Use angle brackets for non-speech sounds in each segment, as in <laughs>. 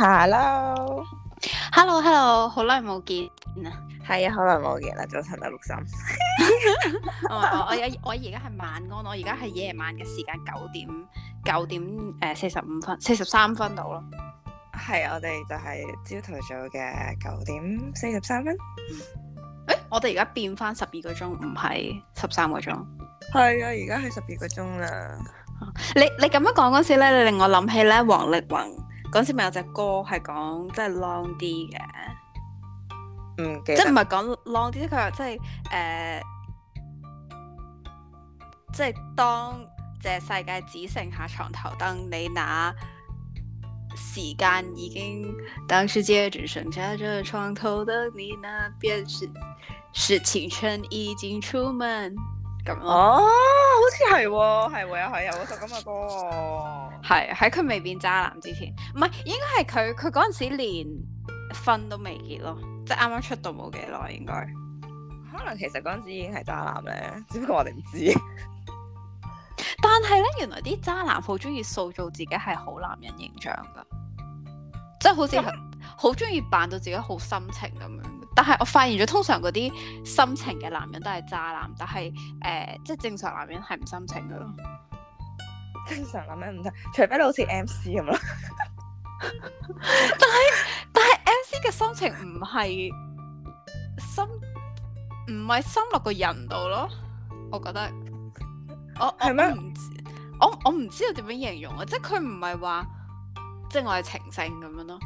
Hello，Hello，Hello，好耐冇見啊！係啊，好耐冇見啦，早晨六點三。我我我而我而家係晚安，我而家係夜晚嘅時間九點九點誒四十五分四十三分到咯。係我哋就係朝頭早嘅九點四十三分。誒，我哋而家變翻十二個鐘，唔係十三個鐘。係啊，而家係十二個鐘啦。你你咁樣講嗰時咧，你令我諗起咧王力宏。嗰時咪有隻歌係講即係 long 啲嘅，唔即唔係講 long 啲，佢話即係誒，即、就、係、是、當隻世界只剩下床頭燈，你那時間已經當世界只剩下這床頭燈，你那邊是是清晨已經出門。哦，好似係喎，係喎，啊，有係有嗰首咁嘅歌。 <coughs> 係喺佢未變渣男之前，唔係，應該係佢，佢嗰陣時連婚都未結咯，即係啱啱出道冇幾耐應該。可能其實嗰陣時已經係渣男咧，只不過我哋唔知。 <laughs> 但係咧，原來啲渣男好中意塑造自己係好男人形象噶，即係好似好中意扮到自己好深情咁樣。但係我發現咗，通常嗰啲深情嘅男人都係渣男，但係誒、呃，即係正常男人係唔深情噶咯。正常諗嘅唔同，除非你好似 M C 咁咯。但係但係 M C 嘅心情唔係心唔係心落個人度咯，我覺得我我唔我我唔知道點樣嗎形容，即係佢唔係話即係我係情聖咁樣咯。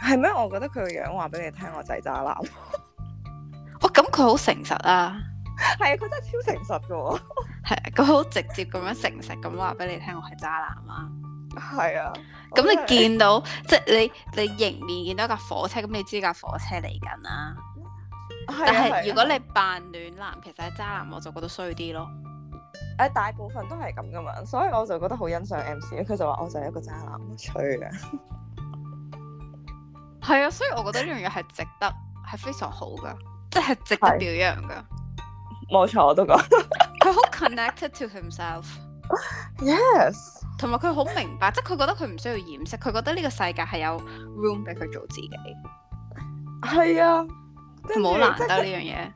係咩？我覺得佢個樣話俾你聽，我仔渣男。哇、 <laughs> 哦！咁佢好誠實啊。係啊、 <laughs> 嗯，佢真係超誠實噶。 <laughs> 係，佢好直接咁樣誠實咁話俾你聽，我係渣男 <laughs> 啊。係啊。咁嘿你，到嘿你，你見到，即係你你迎面見到架火車，咁嘿你知架火車嚟緊啊。 <laughs> 對對對對，但係如果你扮暖男，其實係渣男，我就覺得衰啲咯。誒、 <laughs> <laughs> 嗯，大部分都係咁噶嘛，所以我就覺得好欣賞 MC，佢就話我係一個渣男，吹嘅。係啊，所以我覺得呢樣嘢係值得，係非常好噶，即、就、係、是、值得表揚噶。冇錯， <laughs> 我都講。 <laughs> Connected to himself, yes。同埋佢好明白，即係佢覺得佢唔需要掩飾，佢覺得呢個世界係有 room 俾佢 <laughs> 做自己。係啊、哎，唔好難得呢樣嘢。是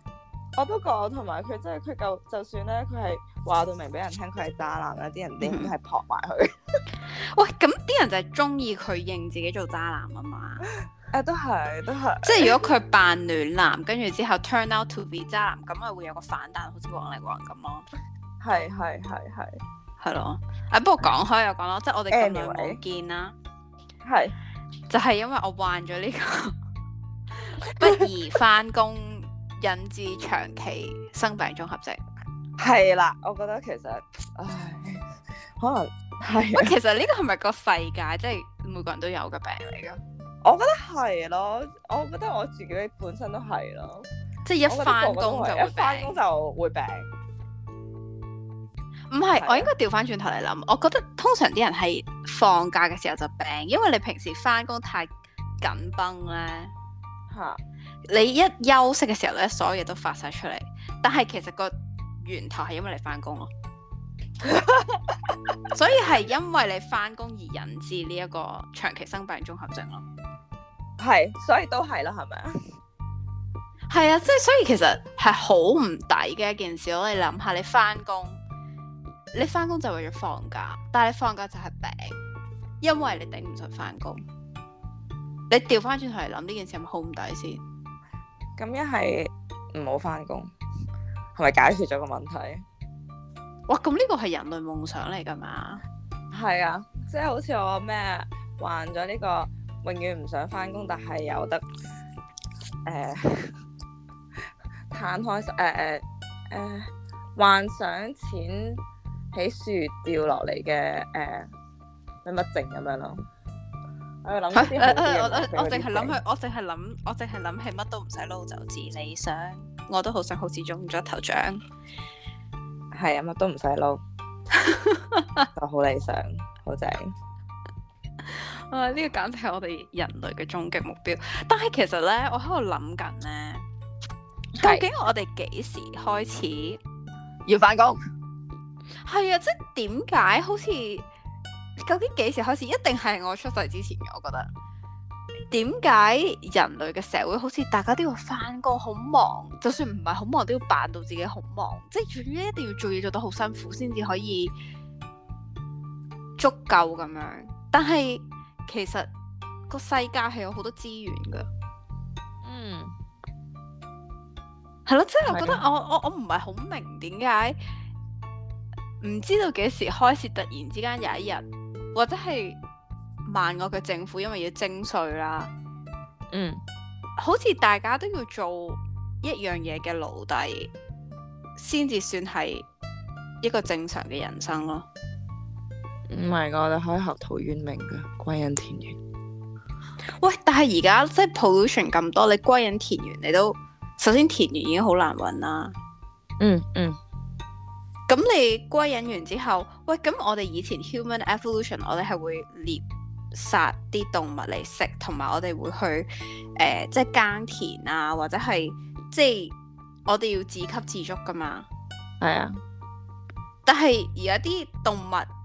我都覺，同埋佢真係佢就就算咧，佢係話到明俾人聽，佢係渣男啦，啲、嗯、人點都係撲埋佢。 <laughs> 喂，咁啲人就係中意佢認自己做渣男啊嘛？ <laughs> 誒、啊，都係，都係。即係如果佢扮暖男，跟住之後 turn out to be 渣男，咁咪會有個反彈，好似王力宏咁、啊、 <laughs> 咯。係係係係係咯。誒，不過講開又講咯，即係我哋咁耐冇見啦。係。Anyway, 就係因為我患咗呢、這個是 <laughs> 不宜返工， <laughs> 引致長期生病綜合症。係啦，我覺得其實，唉，可能係。喂、啊，其實呢個係咪個世界，即、就、係、是、每個人都有嘅病嚟噶？我覺得係咯，我覺得我自己本身都係咯。即係一翻工就一翻工就會病。唔係，是的我應該調翻轉頭嚟諗，我覺得通常啲人係放假嘅時候就病，因為你平時翻工太緊繃咧嚇。哈你一休息嘅時候咧，所有嘢都發晒出嚟。但係其實個源頭係因為你翻工咯， <laughs> <laughs> 所以係因為你翻工而引致呢一個長期生病綜合症咯。係，所以都係咯，係咪 <laughs> 啊？係啊，即係所以其實係好唔抵嘅一件事。我哋諗下，你翻工，你翻工就為咗放假，但係你放假就係病，因為你頂唔順翻工。你調翻轉頭嚟諗呢件事係咪好唔抵先？咁一係唔好翻工，係 <laughs> 咪解決咗個問題？哇！咁呢個係人類夢想嚟噶嘛？係啊，即係好似我咩，患咗呢個。永遠唔想返工，但係有得誒攤開誒誒誒幻想，錢喺樹掉落嚟嘅誒乜乜症咁樣咯。我諗一啲我淨係諗佢，我淨係諗，我淨係諗起乜都唔使撈就至理想。我都好想好似中咗頭獎，係啊，乜都唔使撈，就好理想，好正。呢、啊這個簡直係我哋人類嘅終極目標。但係其實呢，我喺度諗緊呢，究竟我哋幾時開始要返工？係啊，即係點解？好似究竟幾時開始？一定係我出世之前嘅，我覺得。點解人類嘅社會好似大家都要返工好忙？就算唔係好忙，都要扮到自己好忙，即係總之一定要做嘢做得好辛苦先至可以足夠咁樣。但係。其實、這個世界係有好多資源噶，嗯、mm.，係 <noise> 咯，即係、 <noise> 就是、我覺得我我我唔係好明點解，唔知道幾時開始突然之間有一日，mm. 或者係萬惡嘅政府因為要徵稅啦，嗯，mm. 好似大家都要做一樣嘢嘅奴隸，先至算係一個正常嘅人生咯。唔係，我哋可以學陶淵明噶，歸隱田園。喂，但係而家即係 pollution 咁多，你歸隱田園，你都首先田園已經好難搵啦。嗯嗯。咁、嗯、你歸隱完之後，喂，咁我哋以前 human evolution，我哋係會獵殺啲動物嚟食，同埋我哋會去誒、呃，即係耕田啊，或者係即係我哋要自給自足噶嘛。係啊。但係而家啲動物。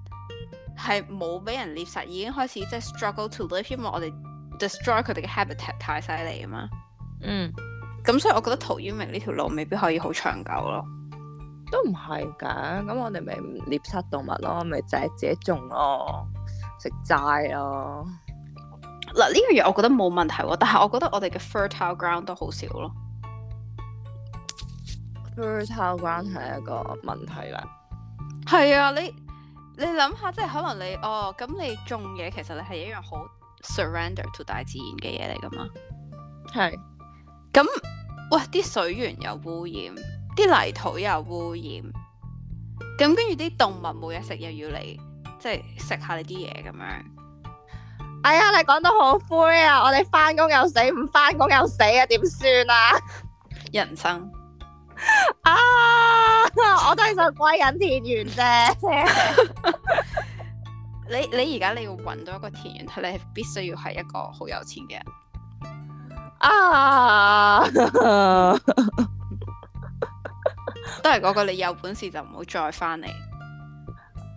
係冇俾人獵殺，已經開始即係、就是、struggle to live，因為我哋 destroy 佢哋嘅 habitat 太犀利啊嘛。嗯，咁所以我覺得陶淵明呢條路未必可以好長久咯。都唔係噶，咁我哋咪獵殺動物咯，咪就係自己種咯，食齋咯。嗱，呢樣嘢我覺得冇問題，但係我覺得我哋嘅 fertile ground 都好少咯。fertile ground 係一個問題啦。係 <noise> 啊，你。你諗下，即係可能你哦，咁你種嘢其實你係一樣好 surrender to 大自然嘅嘢嚟噶嘛？係是。咁，哇！啲水源有污染，啲泥土又污染，咁跟住啲動物冇嘢食，又要嚟即係食下你啲嘢咁樣。哎呀，你講到好灰啊！我哋翻工又死，唔翻工又死啊！點算啊？ <laughs> 人生。啊！我都係想歸隱田園啫。 <laughs> <laughs> 你你而家你要搵到一個田園，你必須要係一個好有錢嘅人。啊！ <laughs> 都係嗰、嗰個，你有本事就唔好再翻嚟。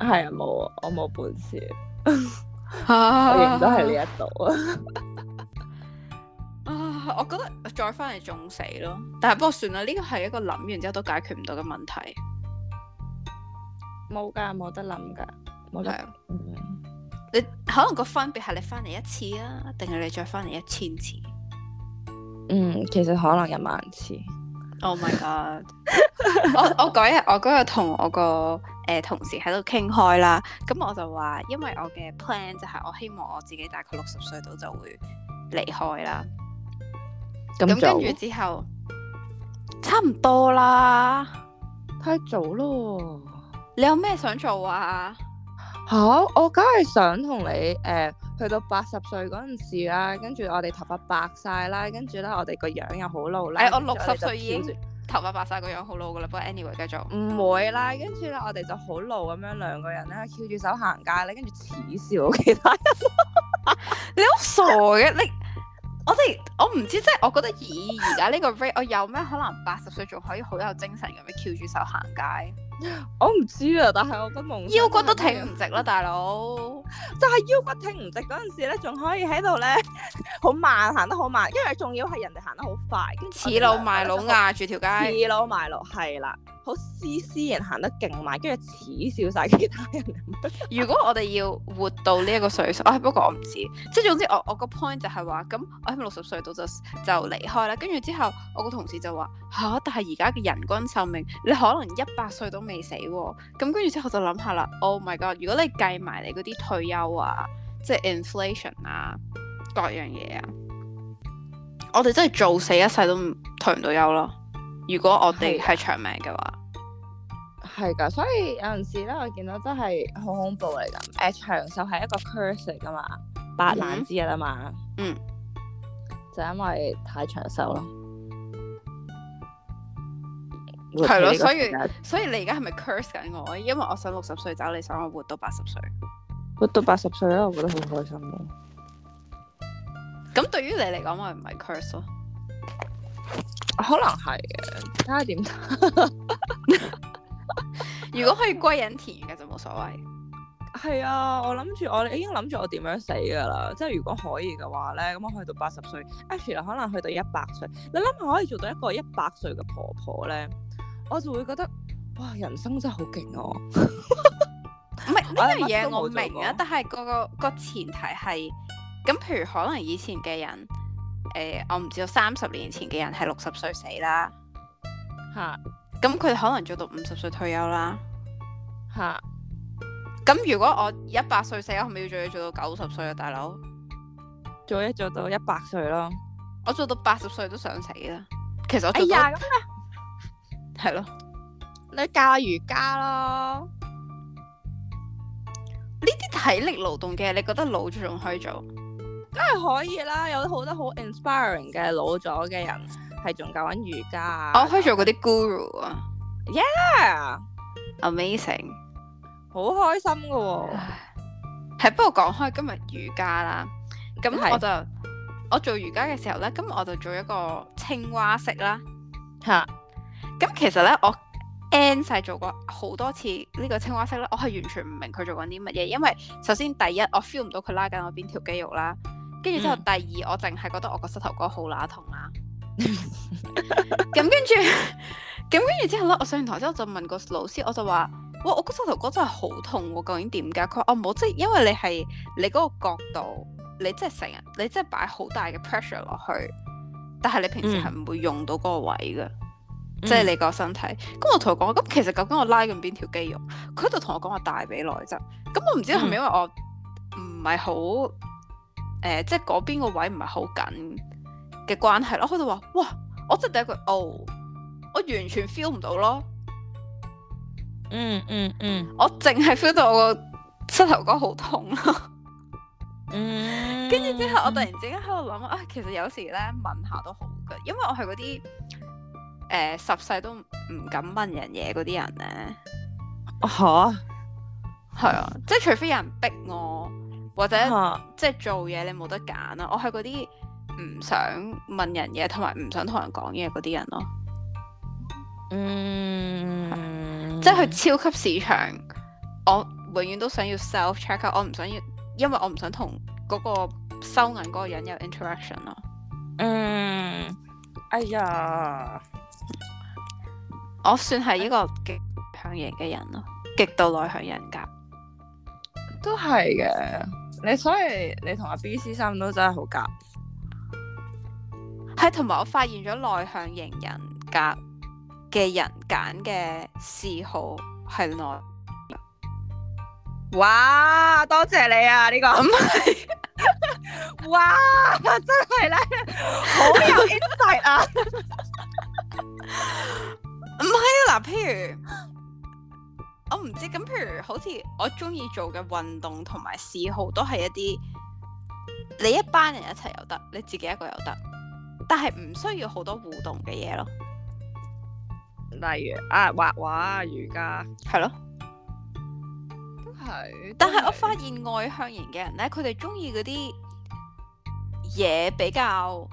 係啊，冇，我冇本事。我亦都係呢一度啊！ <laughs> 啊，我覺得。再翻嚟仲死咯，但係不過算啦，呢個係一個諗完之後都解決唔到嘅問題。冇噶，冇得諗噶，冇得。嗯，嗯，你可能個分別係你翻嚟一次啊，定係你再翻嚟一千次？嗯，其實可能一萬次。Oh my god！ <laughs> <laughs> 我我嗰日我嗰日同我個誒、呃、同事喺度傾開啦，咁我就話，因為我嘅 plan 就係我希望我自己大概六十歲到就會離開啦。咁跟住之後，差唔多啦，太早咯。你有咩想做啊？吓、啊，我梗係想同你誒、呃，去到八十歲嗰陣時啦，跟住我哋頭髮白晒啦，跟住咧我哋個樣又好老啦。誒、欸，我六十歲已經頭髮白晒，個樣好老噶啦。不過 anyway，繼續。唔會啦，跟住咧我哋就好老咁樣，兩個人咧翹住手行街咧，跟住恥笑其他人， <laughs> 你好傻嘅你。 <laughs> 我哋我唔知道，即係我覺得咦，而家呢個 rate，我有咩可能八十歲仲可以好有精神咁樣翹住手行街？我唔知啊，但係我個夢腰骨都挺唔直啦，大佬哥。就係腰骨挺唔直嗰陣時咧，仲可以喺度咧，好慢，行得好慢，因為仲要係人哋行得好快，恃老賣老壓住條街。恃老賣老係啦，好斯斯然行得勁慢，跟住恥笑晒其他人。 <laughs> 如果我哋要活到呢一個歲數啊，不過我唔知。即係總之我，我我個 point 就係話，咁我喺六十歲度就就離開啦。跟住之後，我個同事就話，吓、啊，但係而家嘅人均壽命，你可能一百歲都。未死喎、啊，咁跟住之後我就諗下啦。Oh my god！如果你計埋你嗰啲退休啊，即係 inflation 啊，各樣嘢啊，我哋真係做死一世都退唔到休咯。如果我哋係長命嘅話，係噶。所以有陣時咧，我見到真係好恐怖嚟噶。誒、呃，長壽係一個 curse 嚟噶嘛，八、嗯、難之一啊嘛。嗯，就因為太長壽咯。係咯，所以所以你而家係咪 curse 緊我？因為我想六十歲走，你想我活到八十歲？活到八十歲咧，我覺得好開心咯。咁對於你嚟講，我唔係 curse 咯。可能係嘅，睇下點。如果可以歸隱田園嘅就冇所謂。係啊，我諗住我已經諗住我點樣死噶啦。即係如果可以嘅話咧，咁我去到八十歲，actually 可能去到一百歲，你諗下可以做到一個一百歲嘅婆婆咧？我就會覺得，哇！人生真係好勁哦。唔係呢樣嘢，我明啊，但係、個、個前提係，咁譬如可能以前嘅人，誒、欸，我唔知道三十年前嘅人係六十歲死啦，吓哈，咁佢可能做到五十歲退休啦，吓哈。咁如果我一百歲死，我係咪要再做到九十歲啊，大佬？做一做到一百歲咯。我做到八十歲都想死啦。其實我做到、哎、呀、嗰個係咯，你教下瑜伽咯？呢啲體力勞動嘅，你覺得老咗仲可以做？梗係可以啦，有好多好 inspiring 嘅老咗嘅人係仲教緊瑜伽。我可以做嗰啲 guru 啊！Yeah，amazing，好開心噶喎、啊！係不過講開今日瑜伽啦，咁我就 <laughs> 我做瑜伽嘅時候咧，今日我就做一個青蛙式啦，吓。 <laughs> 咁其實咧，我 n 晒做過好多次呢個青蛙式啦。我係完全唔明佢做緊啲乜嘢。因為首先第一，我 feel 唔到佢拉緊我邊條肌肉啦，跟住之後第二，嗯、我淨係覺得我個膝頭哥好乸痛啦、啊。咁跟住，咁跟住之後咧，我上完台之後就問個老師，我就話：哇，我個膝頭哥真係好痛喎，究竟點解？佢話：我、哦、冇，即係因為你係你嗰個角度，你即係成日，你即係擺好大嘅 pressure 落去，但係你平時係唔會用到嗰個位嘅。嗯即係你個身體，咁、嗯、我同佢講，咁其實究竟我拉緊邊條肌肉？佢喺度同我講話大髀內側，咁我唔知係咪因為我唔係好誒，即係嗰邊個位唔係好緊嘅關係咯。佢就話：哇,我真係第一句，哦，我完全 feel 唔到咯。嗯嗯嗯，嗯嗯我淨係 feel 到我個膝頭哥好痛咯。跟住，嗯、 <laughs> 之後我突然之間喺度諗啊，其實有時咧，吻下都好噶，因為我係嗰啲。誒、呃，十世都唔敢問人嘢嗰啲人咧，吓、啊，係啊，即係除非有人逼我，或者、啊、即係做嘢你冇得揀啦、啊。我係嗰啲唔想問人嘢，同埋唔想同人講嘢嗰啲人咯。嗯，啊、即係去超級市場，我永遠都想要 self check，我唔想要，因為我唔想同嗰個收銀嗰個人有 interaction 咯、啊。嗯，哎呀～我算係一個極向型嘅人咯，極度內向人格，都係嘅。你所以你同阿 B C 三都真係好夾，係同埋我發現咗內向型人格嘅人揀嘅嗜好係內。哇！多謝你啊，呢、這個唔係 <laughs> 哇真係咧， <laughs> <laughs> 好有 insight 啊！ <laughs> 唔係啊，嗱，譬如我唔知，咁譬如好似我中意做嘅運動同埋嗜好都，都係一啲你一班人一齊又得，你自己一個又得，但係唔需要好多互動嘅嘢咯。例如啊，畫畫、瑜伽，係咯，都係。但係我發現外向型嘅人咧，佢哋中意嗰啲嘢比較。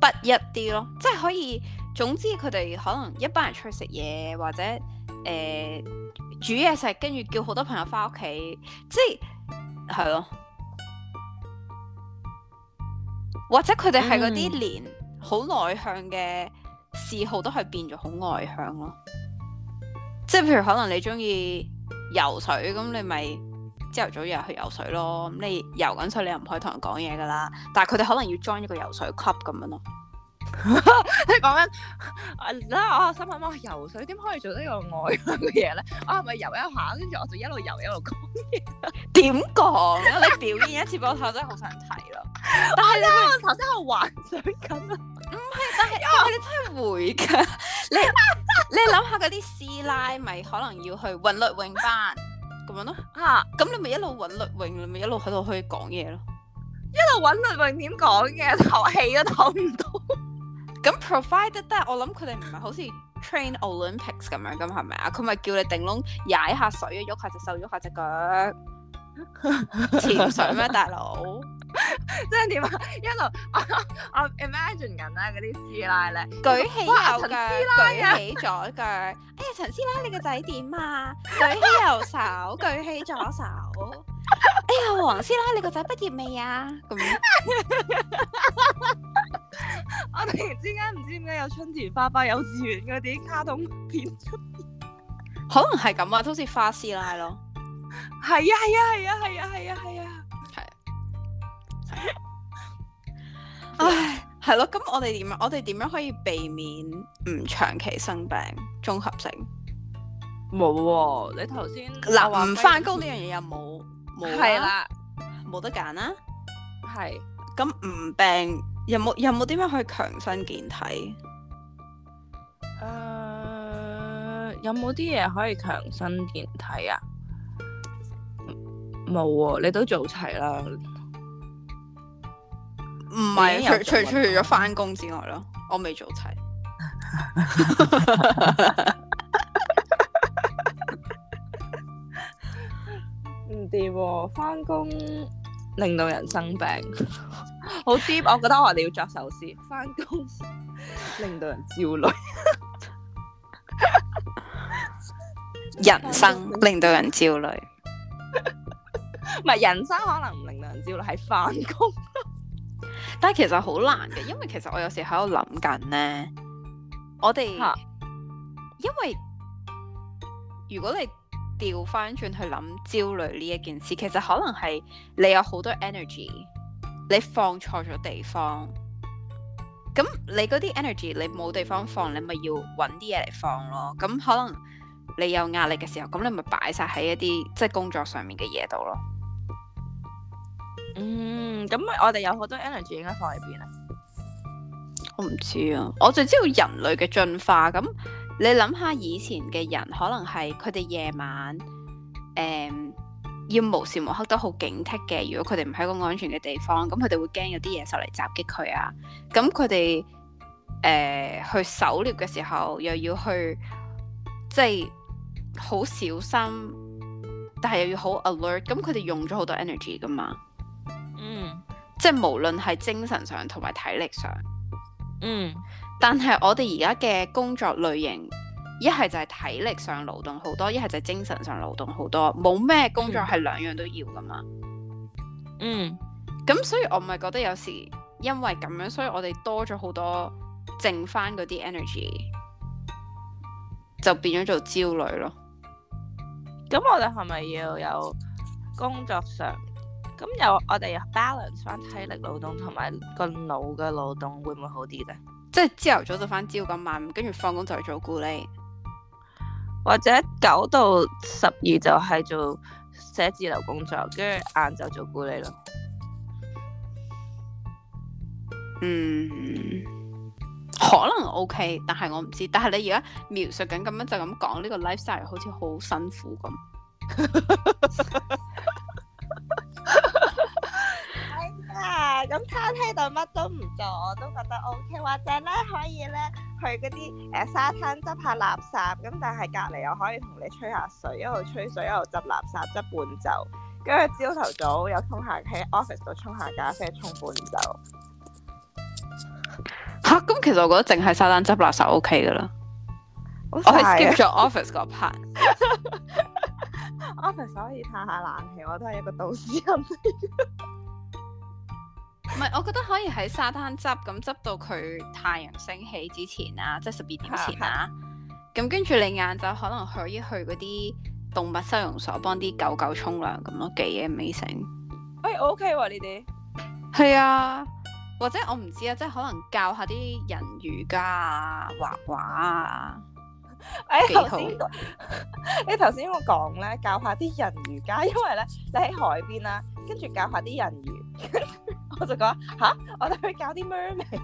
不一啲咯，即係可以。總之佢哋可能一班人出去食嘢，或者誒、呃、煮嘢食，跟住叫好多朋友返屋企，即係係咯。或者佢哋係嗰啲連好內向嘅嗜好都係變咗好外向咯。即係譬如可能你中意游水，咁你咪。朝頭早又去游水咯，咁你游緊水你又唔可以同人講嘢噶啦，但係佢哋可能要裝一個游水 club 咁樣咯。 <laughs> 你講緊，嗱、啊，我心諗，我、啊、游水點可以做呢個外行嘅嘢咧？我係咪游一下，跟住我就一路游一路講嘢？點講咧？你表演一次俾我睇， <laughs> 我真係好想睇咯。但係咧、啊，我頭先喺度幻想緊啊，唔係，但係我你真係會噶。你你諗下嗰啲師奶咪可能要去韻律泳班。咁樣咯，啊！咁你咪一路韻律泳，你咪一路喺度去以講嘢咯。一路韻律泳點講嘅？唞氣都唞唔到。咁 <laughs> provided that 我諗佢哋唔係好似 Train Olympics 咁樣噶係咪啊？佢咪叫你定窿踩下水，喐下隻手，喐下隻腳，潛水咩大佬？ <laughs> 即係點啊？一路我我 imagine 緊啦。嗰啲師奶咧舉起右腳，啊、舉起左腳。哎、欸、呀，陳師奶，你個仔點啊？舉起右手，舉起左手。哎、欸、呀，黃師奶，你個仔畢業未啊？咁， <laughs> <laughs> 我突然之間唔知點解有春田花花幼稚園嗰啲卡通片出現， <laughs> 可能係咁啊，都好似花師奶咯。係 <laughs> 啊，係啊，係啊，係啊，係啊，係啊。 <laughs> 唉，係咯，咁我哋點我哋點樣可以避免唔長期生病綜合症？冇喎、哦，你頭先嗱唔翻工呢樣嘢又冇冇係啦，冇得揀啦。係咁唔病有冇有冇點樣去強身健體？誒，uh, 有冇啲嘢可以強身健體啊？冇喎、哦，你都做齊啦。唔係，除除咗翻工之外咯，我未做齊。唔掂、哦，翻工令到人生病，好 deep，我覺得我哋要作首詩，翻工令到人焦慮， <laughs> <laughs> 人生令到人焦慮。唔 <laughs> 係，人生可能唔令到人焦慮，係翻工。 <laughs> 但係其實好難嘅，因為其實我有時喺度諗緊呢。 <laughs> 我哋因為如果你調翻轉去諗焦慮呢一件事，其實可能係你有好多 energy，你放錯咗地方，咁你嗰啲 energy 你冇地方放，你咪要揾啲嘢嚟放咯。咁可能你有壓力嘅時候，咁你咪擺晒喺一啲即係工作上面嘅嘢度咯。嗯，咁我哋有好多 energy 應該放喺邊啊？我唔知啊，我就知道人類嘅進化。咁你諗下以前嘅人，可能係佢哋夜晚，誒、嗯，要無時無刻都好警惕嘅。如果佢哋唔喺一個安全嘅地方，咁佢哋會驚有啲野獸嚟襲擊佢啊。咁佢哋誒去狩獵嘅時候，又要去，即係好小心，但係又要好 alert。咁佢哋用咗好多 energy 噶嘛。即係無論係精神上同埋體力上，嗯，但係我哋而家嘅工作類型，一係就係體力上勞動好多，一係就係精神上勞動好多，冇咩工作係兩樣都要噶嘛。嗯，咁所以我咪覺得有時因為咁樣，所以我哋多咗好多剩翻嗰啲 energy，就變咗做焦慮咯，咁我哋係咪要有工作上？咁又我哋又 balance 翻體力勞動同埋個腦嘅勞動會唔會好啲咧？即係朝頭早就返朝咁晚，跟住放工就係做咕喱，或者九到十二就係做寫字樓工作，跟住晏晝就做咕喱咯。嗯，可能 OK，但係我唔知。但係你而家描述緊咁樣就咁講，呢個 lifestyle 好似好辛苦咁。 <laughs> <laughs> 咁餐廳度乜都唔做，我都覺得 O、OK、K，或者咧可以咧去嗰啲誒沙灘執下垃圾，咁但係隔離又可以同你吹下水，一路吹水一路執垃圾執半晝，跟住朝頭早有衝下喺 office 度沖下咖啡沖半晝。嚇、啊！咁其實我覺得淨係沙灘執垃圾 O K 噶啦，啊、我係 skip 咗 office 嗰 part <laughs> 那。 <laughs> <laughs> office 可以嘆下冷氣，我都係一個導師咁。 <laughs> 唔係，我覺得可以喺沙灘執，咁執到佢太陽升起之前啊，即係十二點前啊。咁跟住你晏晝可能可以去嗰啲動物收容所幫啲狗狗沖涼咁咯，幾 amazing 喂、欸、OK 喎呢啲。係啊，或者我唔知啊，即係可能教下啲人魚家啊，畫畫啊。哎，頭、欸、好，剛才 <laughs> 你頭先我講咧，教下啲人魚家，因為咧你喺海邊啦、啊，跟住教下啲人魚。 <laughs> 我就講吓，我哋去搞啲 mer <laughs> <laughs> maid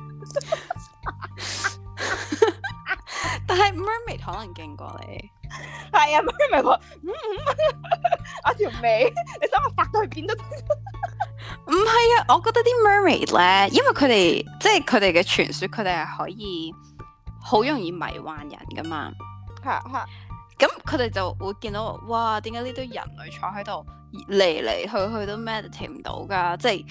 但係 mermaid 可能勁過你， <laughs> 係啊 mermaid 五五米，我條尾，你想我發到去邊都得。唔係啊，我覺得啲 mermaid 咧，因為佢哋即係佢哋嘅傳說，佢哋係可以好容易迷幻人噶嘛。係啊，咁佢哋就會見到哇，點解呢堆人類坐喺度？嚟嚟去去都 meditate 唔到噶，即係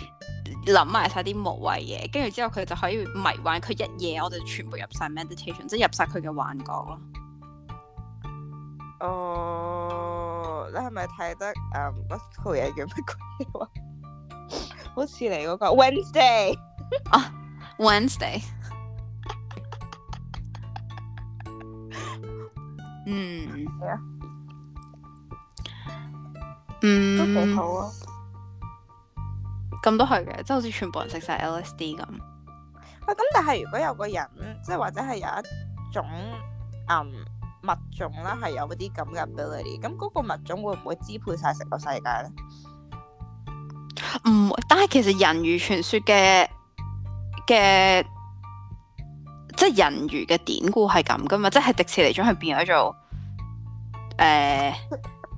諗埋晒啲無謂嘢，跟住之後佢就可以迷幻佢一夜，我就全部入晒 meditation，即係入晒佢嘅幻覺咯。哦、oh，你係咪睇得誒乜嘢叫乜鬼啊？ <laughs> <laughs> 好似你嗰個 Wednesday 啊、 <laughs> ah，Wednesday。嗯。嗯、都好，好啊，咁都係嘅，即係好似全部人食晒 LSD 咁。啊，咁但係如果有個人，即係或者係有一種、嗯、物種啦，係有嗰啲咁嘅 ability，咁嗰個物種會唔會支配晒成個世界呢？唔、嗯，但係其實人魚傳說嘅嘅，即係人魚嘅典故係咁噶嘛，即係迪士尼將佢變咗做誒。呃 <laughs>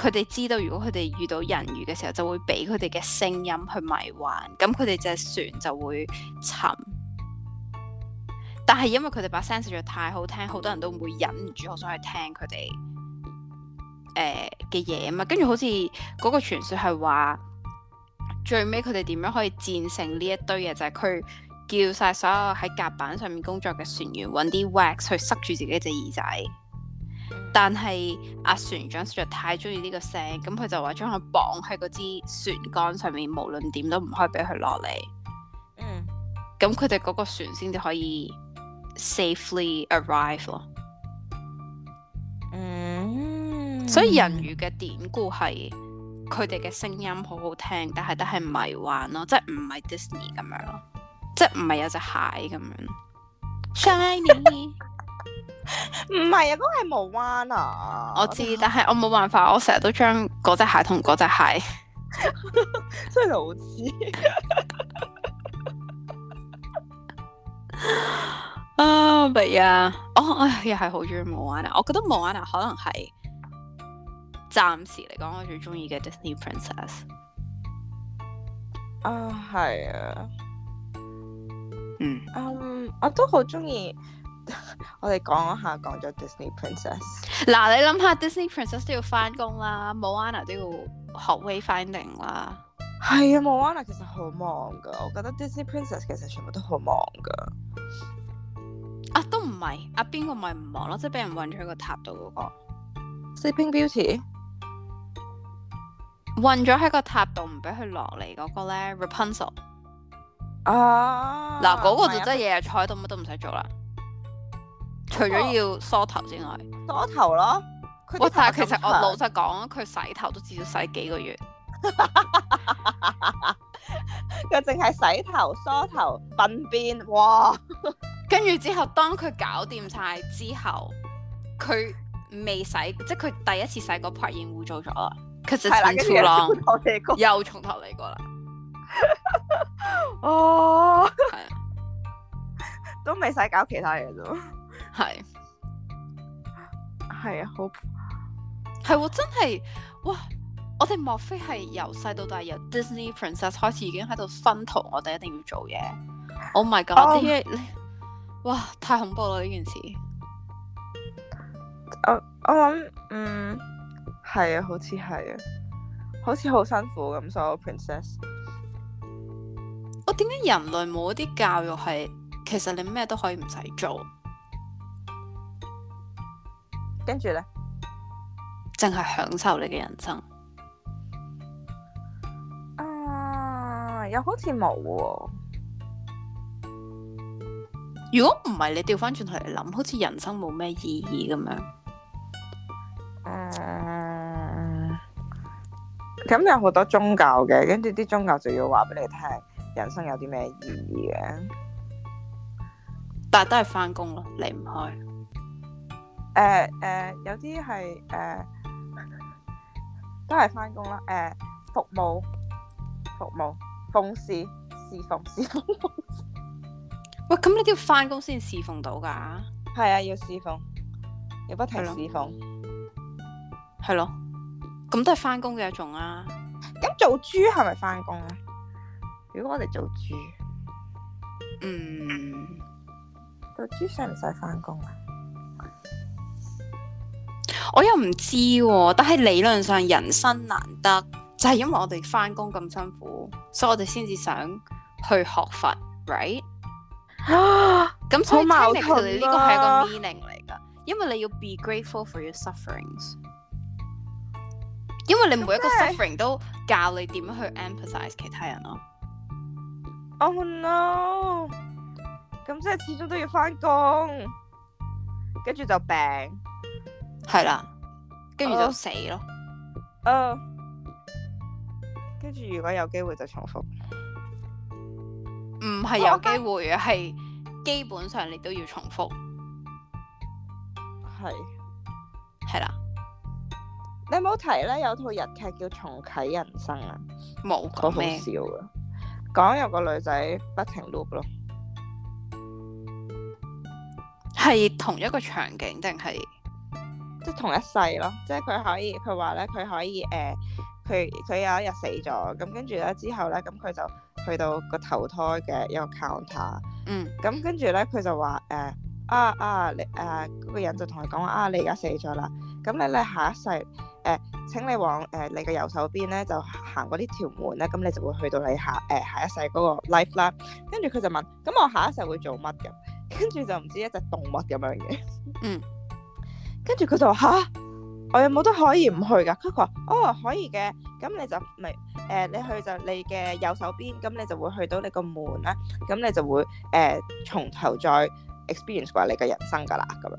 佢哋知道，如果佢哋遇到人魚嘅時候，就會俾佢哋嘅聲音去迷幻，咁佢哋隻船就會沉。但係因為佢哋把聲實在太好聽，好多人都會忍唔住好想去聽佢哋嘅嘢嘛。跟住好似嗰個傳說係話，最尾佢哋點樣可以戰勝呢一堆嘢，就係、是、佢叫晒所有喺甲板上面工作嘅船員揾啲 wax 去塞住自己隻耳仔。但係阿、啊、船長實在太中意呢個聲，咁佢就話將佢綁喺嗰支船桿上面，無論點都唔可以俾佢落嚟。嗯，咁佢哋嗰個船先至可以 safely arrive 咯。嗯，所以人魚嘅典故係佢哋嘅聲音好好聽，但係都係迷幻咯，即係唔係 Disney 咁樣，即係唔係有隻蟹咁樣 Shiny。唔係啊，都係毛彎啊！我知，但係我冇辦法，我成日都將嗰隻鞋同嗰隻鞋，真係好知啊！But yeah，哦 yeah 係好中意毛彎啊！我覺得毛彎啊可能係暫時嚟講我最中意嘅 Disney Princess、uh, 啊，係啊，嗯，嗯，um, 我都好中意。 <laughs> 我哋講一下講咗 Disney Princess。嗱，你諗下 Disney Princess 都要返工啦，Moana 都要學 way finding 啦，係啊 Moana 其實好忙噶我覺得 Disney Princess 其實全部都好忙噶、啊。啊，都唔係啊，邊個咪唔忙咯？即係俾人運咗喺個塔度嗰，那個 Sleeping Beauty，運咗喺個塔度唔俾佢落嚟嗰個咧 Rapunzel 啊，嗱嗰，uh, 那個就真係日日坐喺度，乜都唔使做啦。除咗要梳頭之外，梳頭咯。我但係其實我老實講，佢洗頭都至少洗幾個月。佢淨係洗頭、梳頭、鬢邊，哇！跟住之後，當佢搞掂晒之後，佢未洗，即係佢第一次洗個 part 嗰邊污糟咗啦。其實重頭咯，又重頭嚟過啦。 <laughs> 哦，係啊了， <laughs> 都未使搞其他嘢啫。係係啊，好係我真係哇！我哋莫非係由細到大由 Disney Princess 開始已經喺度薰陶，我哋一定要做嘢。我唔係咁。my god！哇，太恐怖啦！呢件事，oh, 我我諗，嗯，係啊，好似係啊，好似好辛苦咁。所有 Princess，我點解人類冇一啲教育係，其實你咩都可以唔使做？跟住咧，淨係享受你嘅人生啊，又好似冇喎，啊。如果唔係，你調翻轉頭嚟諗，好似人生冇咩意義咁樣。嗯，咁有好多宗教嘅，跟住啲宗教就要話俾你聽，人生有啲咩意義嘅。但係都係返工咯，離唔開。誒誒、呃呃，有啲係誒，都係翻工啦。誒、呃，服務服務奉侍侍奉侍奉服務。喂，咁你都要翻工先侍奉到噶？係啊，要侍奉，要不停侍奉。係咯，咁都係翻工嘅一種啊。咁做豬係咪翻工啊？如果我哋做豬，嗯，做豬使唔使翻工啊？我又唔知喎、哦，但係理論上人生難得，就係、是、因為我哋翻工咁辛苦，所以我哋先至想去學佛，Right？咁 <laughs> 所以好、啊、聽呢個係一個 meaning 嚟噶，因為你要 be grateful for your sufferings，因為你每一個 suffering 都教你點樣去 emphasize 其他人咯、啊。Oh no！咁即係始終都要翻工，跟住就病。係啦，跟住就死咯。誒，跟住如果有機會就重複，唔係有機會啊，係、oh, okay, 基本上你都要重複。係，係啦。你冇提咧，有套日劇叫《重啟人生》啊？冇，好笑啊！講有個女仔不停 loop 咯，係同一個場景定係？即係同一世咯，即係佢可以，佢話咧，佢可以誒，佢、呃、佢有一日死咗，咁跟住咧之後咧，咁佢就去到個頭胎嘅一個 counter，嗯，咁跟住咧佢就話誒、呃、啊啊你誒嗰、啊嗰個人就同佢講啊你而家死咗啦，咁你咧下一世誒、呃、請你往誒、呃、你嘅右手邊咧就行過呢條門咧，咁你就會去到你下誒、呃、下一世嗰個 life 啦。跟住佢就問，咁我下一世會做乜嘅？跟住就唔知一隻動物咁樣嘅，嗯。跟住佢就話吓，我有冇得可以唔去噶？佢話哦，可以嘅。咁、嗯、你就咪誒、呃，你去就你嘅右手邊，咁、嗯、你就會去到你個門啦。咁、嗯嗯、你就會誒，從、呃、頭再 experience 過你嘅人生噶啦，咁樣。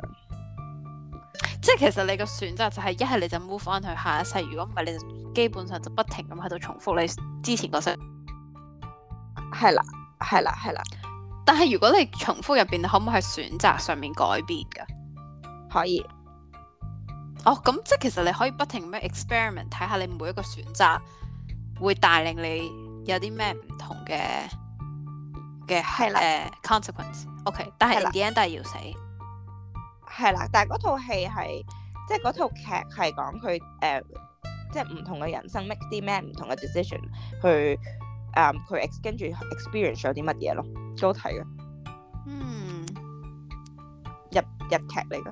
即係其實你個選擇就係一係你就 move 翻去下一世，如果唔係你就基本上就不停咁喺度重複你之前個世。係啦，係啦，係啦。但係如果你重複入邊，你可唔可以係選擇上面改變噶？可以。.哦，咁、oh, 即係其實你可以不停咁 experiment，睇下你每一個選擇會帶領你有啲咩唔同嘅嘅係啦的、呃、consequence，OK，okay, 但係 the end 都係要死？係啦，但係套戲係即係套劇係講佢誒，即係唔、呃、同嘅人生 make 啲咩唔同嘅 decision 去誒，佢跟住 experience 有啲乜嘢咯，都睇嘅。嗯，日日劇嚟嘅。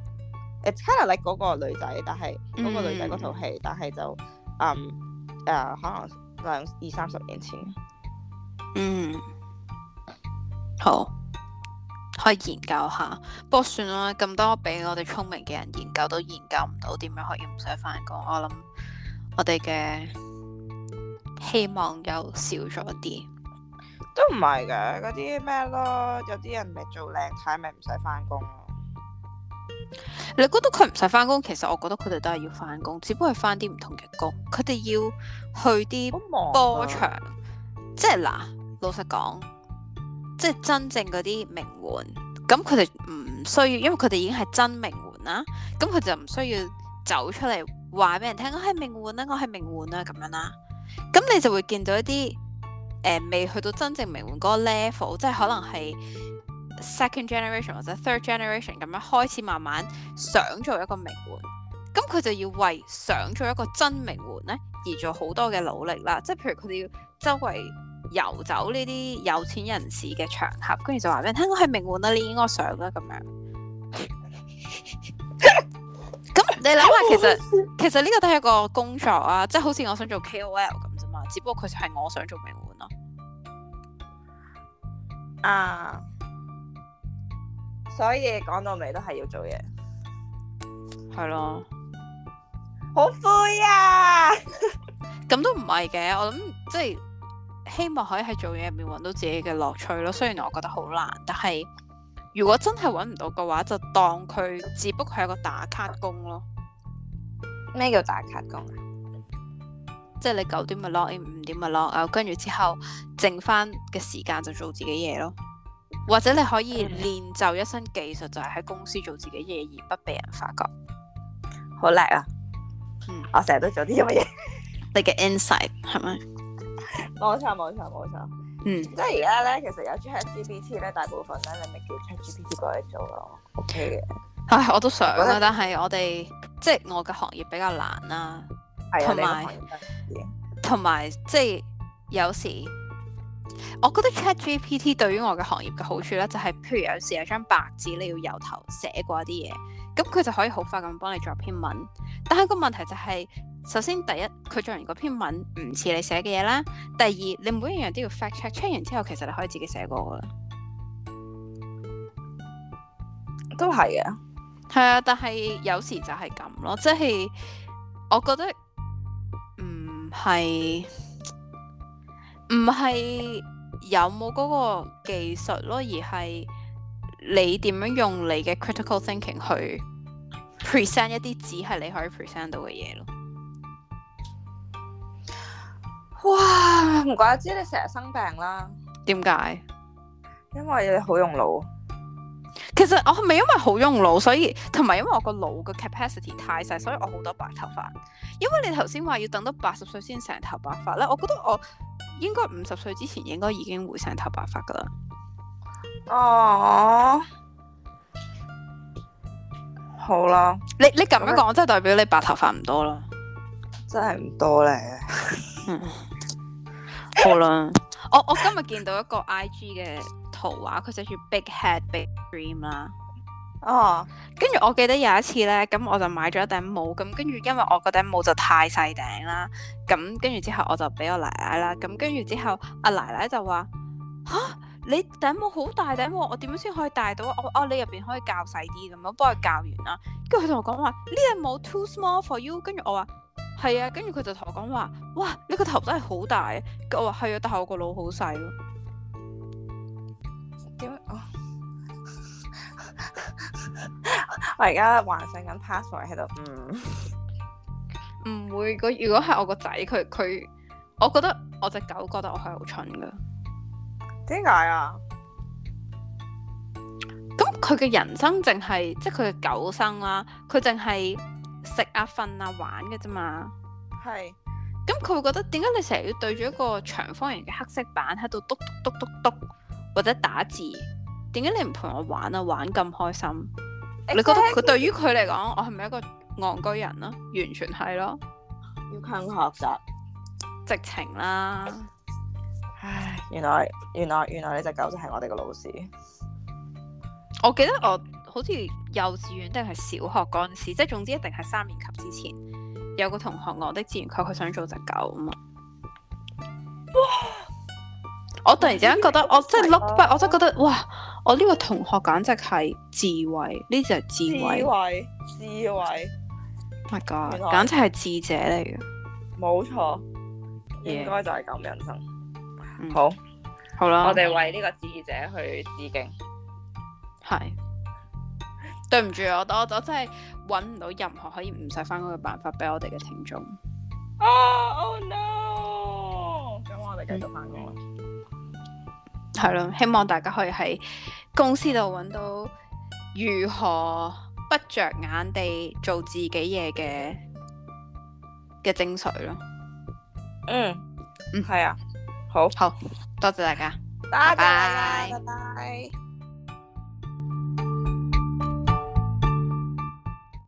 誒，Caroline 嗰個女仔，但係嗰個女仔套戲，但係就嗯誒，可能兩二三十年前。嗯，好，可以研究下。不過算啦，咁多俾我哋聰明嘅人研究都研究唔到點樣可以唔使返工。我諗我哋嘅希望又少咗啲。都唔係嘅，嗰啲咩咯？有啲人咪做靚太，咪唔使返工。你覺得佢唔使翻工，其實我覺得佢哋都係要翻工，只不過係翻啲唔同嘅工。佢哋要去啲波場，即係嗱，老實講，即係真正嗰啲名媛，咁佢哋唔需要，因為佢哋已經係真名媛啦。咁佢就唔需要走出嚟，話俾人聽，我係名媛啦，我係名媛啦，咁樣啦。咁你就會見到一啲誒、呃，未去到真正名媛嗰個 level，即係可能係。Second generation 或者 third generation 咁樣開始慢慢想做一個名媛，咁佢就要為想做一個真名媛呢而做好多嘅努力啦。即係譬如佢哋要周圍游走呢啲有錢人士嘅場合，跟住就話俾你聽我係名媛啦，你應該想啦咁樣。咁你諗下，其實其實呢個都係一個工作啊，即係好似我想做 KOL 咁啫嘛，只不過佢就係我想做名媛咯。啊！Uh, 所以講到尾都係要做嘢，係咯的，好灰啊！咁都唔係嘅，我諗即係希望可以喺做嘢入面搵到自己嘅樂趣咯。雖然我覺得好難，但係如果真係搵唔到嘅話，就當佢只不過係一個打卡工咯。咩叫打卡工啊？即係你九點咪 lock in，五點咪 lock out，跟住之後剩翻嘅時間就做自己嘢咯。或者你可以練就一身技術，就係、是、喺公司做自己嘢而不被人發覺，好叻啊！嗯，我成日都做啲咁嘅嘢，你嘅 insight 係咪？冇錯冇錯冇錯，錯嗯。即係而家咧，其實有做 ChatGPT 咧，大部分咧你咪叫 ChatGPT 過嚟做咯。OK 嘅。唉，我都想啊，的但係我哋即係我嘅行業比較難啦、啊，同埋同埋即係有時。我覺得 ChatGPT 對於我嘅行業嘅好處咧，就係譬如有時有張白紙你要由頭寫過一啲嘢，咁佢就可以好快咁幫你作篇文。但係個問題就係、是，首先第一，佢作完嗰篇文唔似你寫嘅嘢啦，第二，你每一樣都要 fact check，check 完之後，其實你可以自己寫過噶啦。都係嘅，係啊，但係有時就係咁咯，即、就、係、是、我覺得唔係。嗯唔係有冇嗰個技術咯，而係你點樣用你嘅 critical thinking 去 present 一啲只係你可以 present 到嘅嘢咯。哇，唔怪之你成日生病啦。點解？因為你好用腦。其實我係咪因為好用腦，所以同埋因為我個腦嘅 capacity 太細，所以我好多白頭髮。因為你頭先話要等到八十歲先成頭白髮咧，我覺得我。應該五十歲之前應該已經會成頭白髮噶啦。哦、oh.，好啦，你你咁樣講真係代表你白頭髮唔多啦， <laughs> 真係唔多咧。好啦，我我今日見到一個 I G 嘅圖畫，佢寫住 Big Head Big Dream 啦。哦，跟住、oh，我記得有一次咧，咁我就買咗一頂帽，咁跟住因為我嗰頂帽就太細頂啦，咁跟住之後我就俾我奶奶啦，咁跟住之後阿奶奶就話：吓、啊，你頂帽好大頂喎，我點樣先可以戴到？我我、啊、你入邊可以較細啲咁，幫我幫佢較完啦。跟住佢同我講話呢隻帽 too small for you，yeah、跟住我話係啊，跟住佢就同我講話：哇，你個頭真係好大，我話係啊，但、yeah，係我個腦好細咯。我而家幻想緊，pass 咗喺度，唔、嗯、唔會。如果如果係我個仔，佢佢，我覺得我隻狗覺得我係好蠢噶。點解啊？咁佢嘅人生淨係即係佢嘅狗生啦，佢淨係食啊、瞓啊、玩嘅啫嘛。係。咁佢會覺得點解你成日要對住一個長方形嘅黑色板喺度篤篤篤篤篤，或者打字？點解你唔陪我玩啊？玩咁開心。你覺得佢對於佢嚟講，我係咪一個戇居人咯，啊？完全係咯，要肯學習，直情啦。唉，原來原來原來呢隻狗就係我哋個老師。我記得我好似幼稚園定係小學嗰陣時，即係總之一定係三年級之前，有個同學我的自然確佢想做隻狗啊嘛。哇！我突然之間覺得，哎，呀我，我真係碌、啊，我真係覺得哇！我呢、哦，這個同學簡直係智慧，呢隻係智慧，智慧，智慧、oh、，my god 白簡直係智者嚟嘅，冇錯錯，Yeah. 應該就係咁人生，嗯、好，好啦吧，我哋為呢個智者去致敬，係是， <laughs> 對唔住我，多咗，真係搵唔到任何可以唔使翻工嘅辦法俾我哋嘅聽眾，哦 o、oh, oh、no，咁我哋繼續翻工。係咯，希望大家可以喺公司度揾到如何不着眼地做自己嘢嘅嘅精髓咯。嗯嗯，係啊，好好多謝大家，拜拜。拜拜，拜拜。